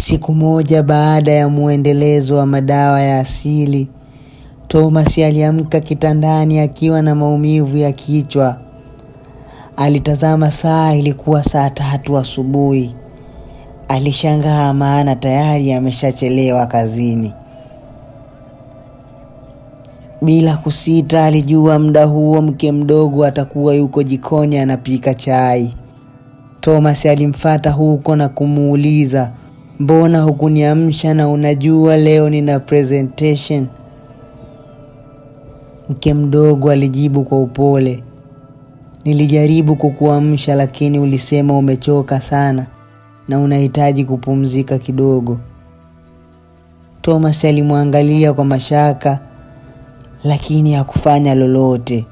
Siku moja baada ya mwendelezo wa madawa ya asili, Thomas aliamka kitandani akiwa na maumivu ya kichwa. Alitazama saa, ilikuwa saa tatu asubuhi. Alishangaa maana tayari ameshachelewa kazini. Bila kusita, alijua muda huo mke mdogo atakuwa yuko jikoni anapika chai. Thomas alimfata huko na kumuuliza Mbona hukuniamsha na unajua leo nina presentation? Mke mdogo alijibu kwa upole, nilijaribu kukuamsha lakini ulisema umechoka sana na unahitaji kupumzika kidogo. Thomas alimwangalia kwa mashaka lakini hakufanya lolote.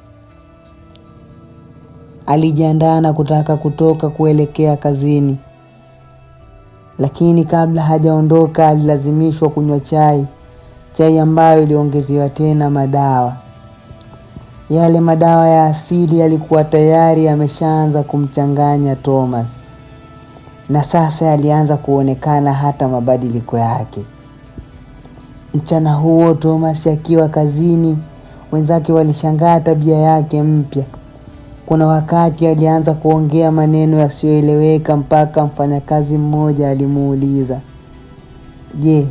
Alijiandaa na kutaka kutoka kuelekea kazini lakini kabla hajaondoka alilazimishwa kunywa chai, chai ambayo iliongezewa tena madawa. Yale madawa ya asili yalikuwa tayari yameshaanza kumchanganya Thomas, na sasa yalianza kuonekana hata mabadiliko yake. Mchana huo Thomas akiwa kazini, wenzake walishangaa tabia yake mpya. Kuna wakati alianza kuongea maneno yasiyoeleweka mpaka mfanyakazi mmoja alimuuliza, je,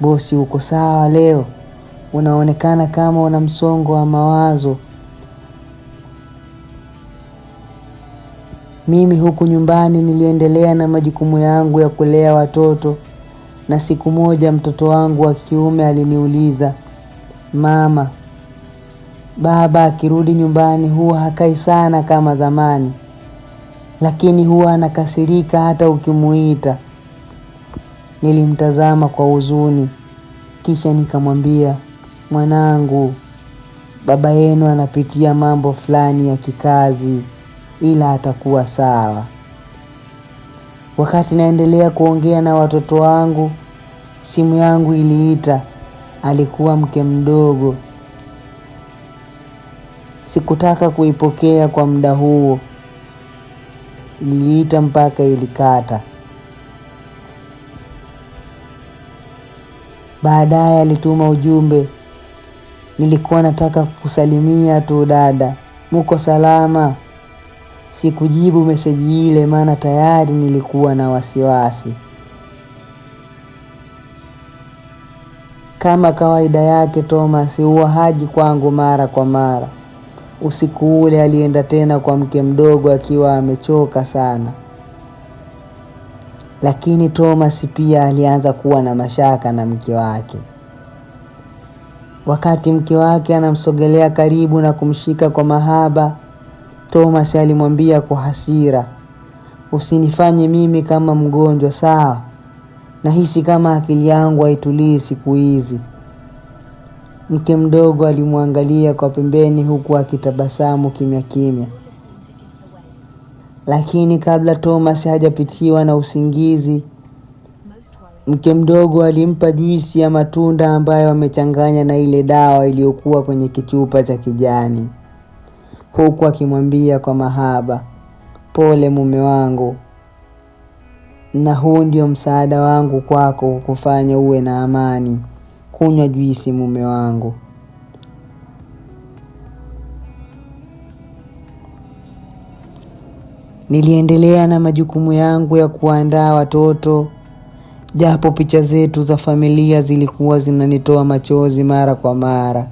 bosi, uko sawa leo? Unaonekana kama una msongo wa mawazo. Mimi huku nyumbani niliendelea na majukumu yangu ya kulea watoto, na siku moja mtoto wangu wa kiume aliniuliza, mama Baba akirudi nyumbani huwa hakai sana kama zamani, lakini huwa anakasirika hata ukimuita. Nilimtazama kwa huzuni, kisha nikamwambia, mwanangu, baba yenu anapitia mambo fulani ya kikazi, ila atakuwa sawa. Wakati naendelea kuongea na watoto wangu, simu yangu iliita. Alikuwa mke mdogo Sikutaka kuipokea kwa muda huo. Iliita mpaka ilikata. Baadaye alituma ujumbe, nilikuwa nataka kusalimia tu dada, muko salama? Sikujibu meseji ile, maana tayari nilikuwa na wasiwasi. Kama kawaida yake, Thomas huwa haji kwangu mara kwa mara. Usiku ule alienda tena kwa mke mdogo akiwa amechoka sana, lakini Thomas pia alianza kuwa na mashaka na mke wake. Wakati mke wake anamsogelea karibu na kumshika kwa mahaba, Thomas alimwambia kwa hasira, usinifanye mimi kama mgonjwa sawa, nahisi kama akili yangu haitulii siku hizi. Mke mdogo alimwangalia kwa pembeni huku akitabasamu kimya kimya. Lakini kabla Thomas hajapitiwa na usingizi, mke mdogo alimpa juisi ya matunda ambayo amechanganya na ile dawa iliyokuwa kwenye kichupa cha kijani, huku akimwambia kwa mahaba, pole mume wangu, na huu ndio msaada wangu kwako kufanya uwe na amani kunywa juisi, mume wangu. Niliendelea na majukumu yangu ya kuandaa watoto, japo picha zetu za familia zilikuwa zinanitoa machozi mara kwa mara.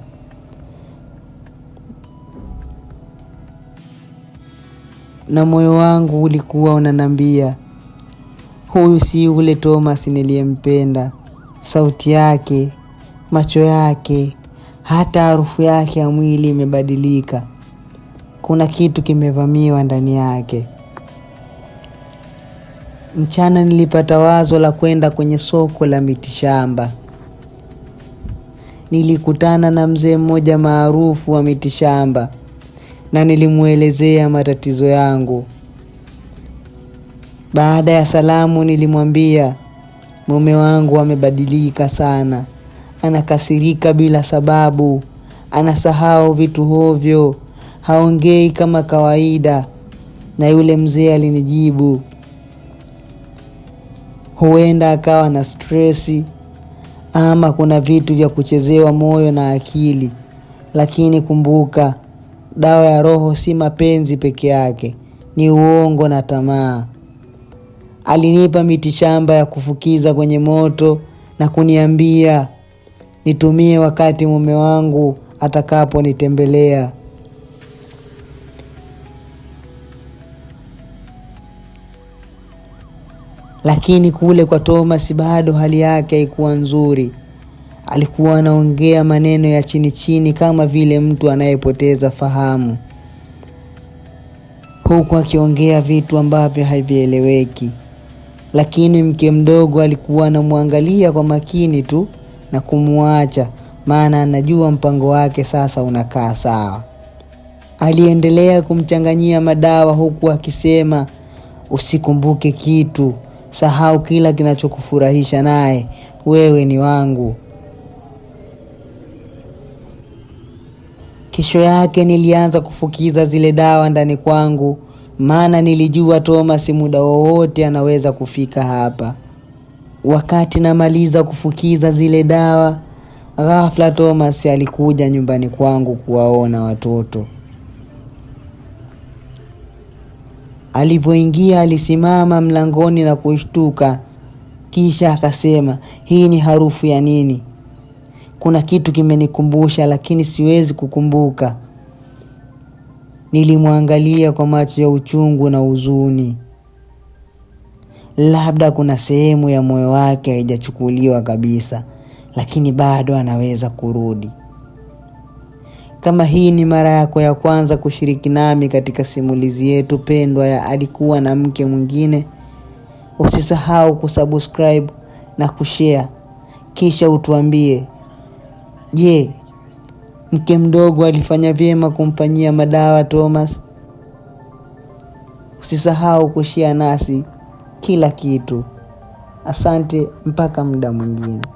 Na moyo wangu ulikuwa unanambia, huyu si ule Thomas niliyempenda. Sauti yake macho yake, hata harufu yake ya mwili imebadilika. Kuna kitu kimevamiwa ndani yake. Mchana nilipata wazo la kwenda kwenye soko la mitishamba. Nilikutana na mzee mmoja maarufu wa mitishamba na nilimwelezea matatizo yangu. Baada ya salamu, nilimwambia mume wangu amebadilika sana, anakasirika bila sababu, anasahau vitu hovyo, haongei kama kawaida. Na yule mzee alinijibu, huenda akawa na stresi ama kuna vitu vya kuchezewa moyo na akili, lakini kumbuka, dawa ya roho si mapenzi peke yake, ni uongo na tamaa. Alinipa miti shamba ya kufukiza kwenye moto na kuniambia nitumie wakati mume wangu atakaponitembelea. Lakini kule kwa Thomas bado hali yake haikuwa nzuri. Alikuwa anaongea maneno ya chini chini kama vile mtu anayepoteza fahamu, huku akiongea vitu ambavyo havieleweki. Lakini mke mdogo alikuwa anamwangalia kwa makini tu na kumwacha, maana anajua mpango wake sasa unakaa sawa. Aliendelea kumchanganyia madawa huku akisema, usikumbuke kitu, sahau kila kinachokufurahisha naye, wewe ni wangu. Kesho yake nilianza kufukiza zile dawa ndani kwangu, maana nilijua Thomas muda wowote anaweza kufika hapa. Wakati namaliza kufukiza zile dawa, ghafla Thomas alikuja nyumbani kwangu kuwaona watoto. Alivyoingia alisimama mlangoni na kushtuka, kisha akasema, hii ni harufu ya nini? Kuna kitu kimenikumbusha, lakini siwezi kukumbuka. Nilimwangalia kwa macho ya uchungu na huzuni. Labda kuna sehemu ya moyo wake haijachukuliwa kabisa, lakini bado anaweza kurudi. Kama hii ni mara yako ya kwanza kushiriki nami katika simulizi yetu pendwa ya Alikuwa na Mke Mwingine, usisahau kusubscribe na kushare, kisha utuambie, je, mke mdogo alifanya vyema kumfanyia madawa Thomas? Usisahau kushare nasi kila kitu. Asante mpaka muda mwingine.